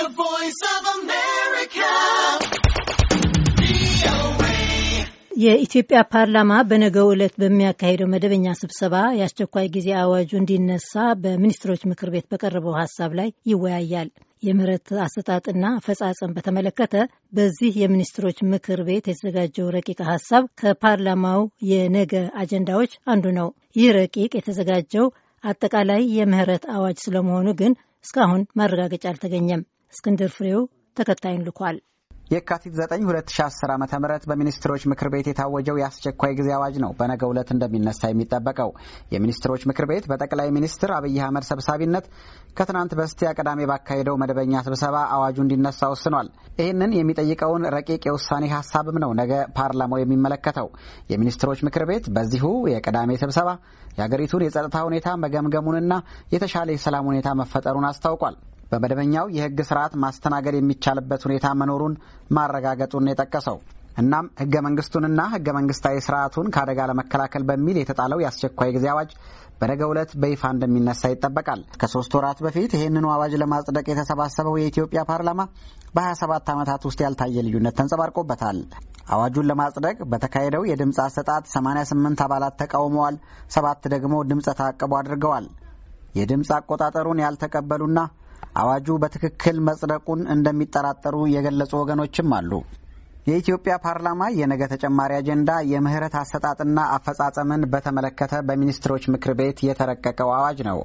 The Voice of America. የኢትዮጵያ ፓርላማ በነገው ዕለት በሚያካሄደው መደበኛ ስብሰባ የአስቸኳይ ጊዜ አዋጁ እንዲነሳ በሚኒስትሮች ምክር ቤት በቀረበው ሀሳብ ላይ ይወያያል። የምህረት አሰጣጥና አፈጻጸም በተመለከተ በዚህ የሚኒስትሮች ምክር ቤት የተዘጋጀው ረቂቅ ሀሳብ ከፓርላማው የነገ አጀንዳዎች አንዱ ነው። ይህ ረቂቅ የተዘጋጀው አጠቃላይ የምህረት አዋጅ ስለመሆኑ ግን እስካሁን ማረጋገጫ አልተገኘም። እስክንድር ፍሬው ተከታይን ልኳል። የካቲት 9 2010 ዓ ም በሚኒስትሮች ምክር ቤት የታወጀው የአስቸኳይ ጊዜ አዋጅ ነው በነገ ዕለት እንደሚነሳ የሚጠበቀው። የሚኒስትሮች ምክር ቤት በጠቅላይ ሚኒስትር አብይ አህመድ ሰብሳቢነት ከትናንት በስቲያ ቅዳሜ ባካሄደው መደበኛ ስብሰባ አዋጁ እንዲነሳ ወስኗል። ይህንን የሚጠይቀውን ረቂቅ የውሳኔ ሀሳብም ነው ነገ ፓርላማው የሚመለከተው። የሚኒስትሮች ምክር ቤት በዚሁ የቅዳሜ ስብሰባ የአገሪቱን የጸጥታ ሁኔታ መገምገሙንና የተሻለ የሰላም ሁኔታ መፈጠሩን አስታውቋል። በመደበኛው የህግ ስርዓት ማስተናገድ የሚቻልበት ሁኔታ መኖሩን ማረጋገጡን የጠቀሰው እናም ህገ መንግስቱንና ህገ መንግስታዊ ስርዓቱን ከአደጋ ለመከላከል በሚል የተጣለው የአስቸኳይ ጊዜ አዋጅ በነገ ዕለት በይፋ እንደሚነሳ ይጠበቃል። ከሶስት ወራት በፊት ይህንኑ አዋጅ ለማጽደቅ የተሰባሰበው የኢትዮጵያ ፓርላማ በ27 ዓመታት ውስጥ ያልታየ ልዩነት ተንጸባርቆበታል። አዋጁን ለማጽደቅ በተካሄደው የድምፅ አሰጣት 88 አባላት ተቃውመዋል፣ ሰባት ደግሞ ድምፀ ተአቅቦ አድርገዋል። የድምፅ አቆጣጠሩን ያልተቀበሉና አዋጁ በትክክል መጽደቁን እንደሚጠራጠሩ የገለጹ ወገኖችም አሉ። የኢትዮጵያ ፓርላማ የነገ ተጨማሪ አጀንዳ የምህረት አሰጣጥና አፈጻጸምን በተመለከተ በሚኒስትሮች ምክር ቤት የተረቀቀው አዋጅ ነው።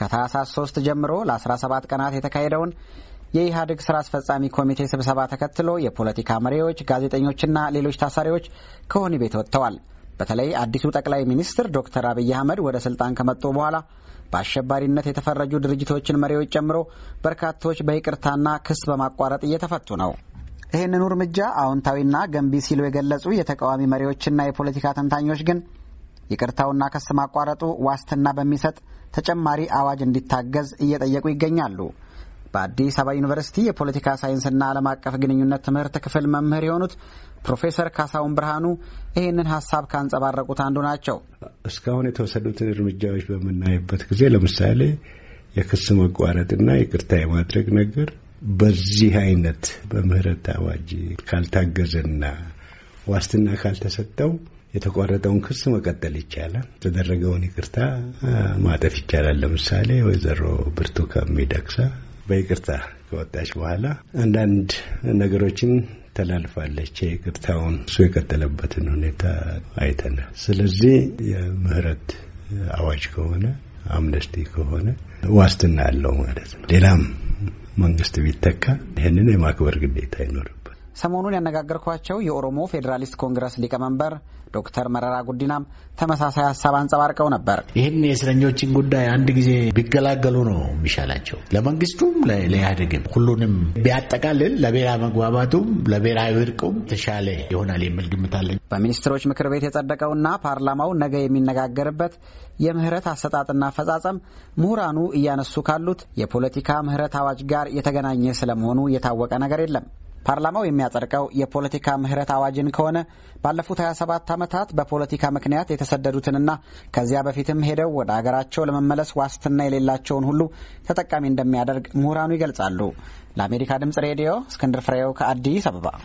ከታህሳስ 3 ጀምሮ ለ17 ቀናት የተካሄደውን የኢህአዴግ ስራ አስፈጻሚ ኮሚቴ ስብሰባ ተከትሎ የፖለቲካ መሪዎች፣ ጋዜጠኞችና ሌሎች ታሳሪዎች ከሆኒ ቤት ወጥተዋል። በተለይ አዲሱ ጠቅላይ ሚኒስትር ዶክተር አብይ አህመድ ወደ ስልጣን ከመጡ በኋላ በአሸባሪነት የተፈረጁ ድርጅቶችን መሪዎች ጨምሮ በርካቶች በይቅርታና ክስ በማቋረጥ እየተፈቱ ነው። ይህንኑ እርምጃ አዎንታዊና ገንቢ ሲሉ የገለጹ የተቃዋሚ መሪዎችና የፖለቲካ ተንታኞች ግን ይቅርታውና ክስ ማቋረጡ ዋስትና በሚሰጥ ተጨማሪ አዋጅ እንዲታገዝ እየጠየቁ ይገኛሉ። በአዲስ አበባ ዩኒቨርሲቲ የፖለቲካ ሳይንስና ዓለም አቀፍ ግንኙነት ትምህርት ክፍል መምህር የሆኑት ፕሮፌሰር ካሳሁን ብርሃኑ ይህንን ሀሳብ ካንጸባረቁት አንዱ ናቸው። እስካሁን የተወሰዱትን እርምጃዎች በምናይበት ጊዜ ለምሳሌ የክስ መቋረጥና ይቅርታ የማድረግ ነገር በዚህ አይነት በምህረት አዋጅ ካልታገዘና ዋስትና ካልተሰጠው የተቋረጠውን ክስ መቀጠል ይቻላል። የተደረገውን ይቅርታ ማጠፍ ይቻላል። ለምሳሌ ወይዘሮ ብርቱካን ሚደቅሳ በይቅርታ ከወጣች በኋላ አንዳንድ ነገሮችን ተላልፋለች። የይቅርታውን እሱ የቀጠለበትን ሁኔታ አይተናል። ስለዚህ የምህረት አዋጅ ከሆነ አምነስቲ ከሆነ ዋስትና አለው ማለት ነው። ሌላም መንግስት ቢተካ ይህንን የማክበር ግዴታ አይኖርም። ሰሞኑን ያነጋገርኳቸው የኦሮሞ ፌዴራሊስት ኮንግረስ ሊቀመንበር ዶክተር መረራ ጉዲናም ተመሳሳይ ሀሳብ አንጸባርቀው ነበር። ይህን የእስረኞችን ጉዳይ አንድ ጊዜ ቢገላገሉ ነው የሚሻላቸው፣ ለመንግስቱም ለኢህአዴግም። ሁሉንም ቢያጠቃልል ለብሔራዊ መግባባቱም ለብሔራዊ እርቁም ተሻለ ይሆናል የሚል ግምት አለኝ። በሚኒስትሮች ምክር ቤት የጸደቀውና ፓርላማው ነገ የሚነጋገርበት የምህረት አሰጣጥና አፈጻጸም ምሁራኑ እያነሱ ካሉት የፖለቲካ ምህረት አዋጅ ጋር የተገናኘ ስለመሆኑ የታወቀ ነገር የለም። ፓርላማው የሚያጸድቀው የፖለቲካ ምህረት አዋጅን ከሆነ ባለፉት 27 ዓመታት በፖለቲካ ምክንያት የተሰደዱትንና ከዚያ በፊትም ሄደው ወደ አገራቸው ለመመለስ ዋስትና የሌላቸውን ሁሉ ተጠቃሚ እንደሚያደርግ ምሁራኑ ይገልጻሉ። ለአሜሪካ ድምጽ ሬዲዮ እስክንድር ፍሬው ከአዲስ አበባ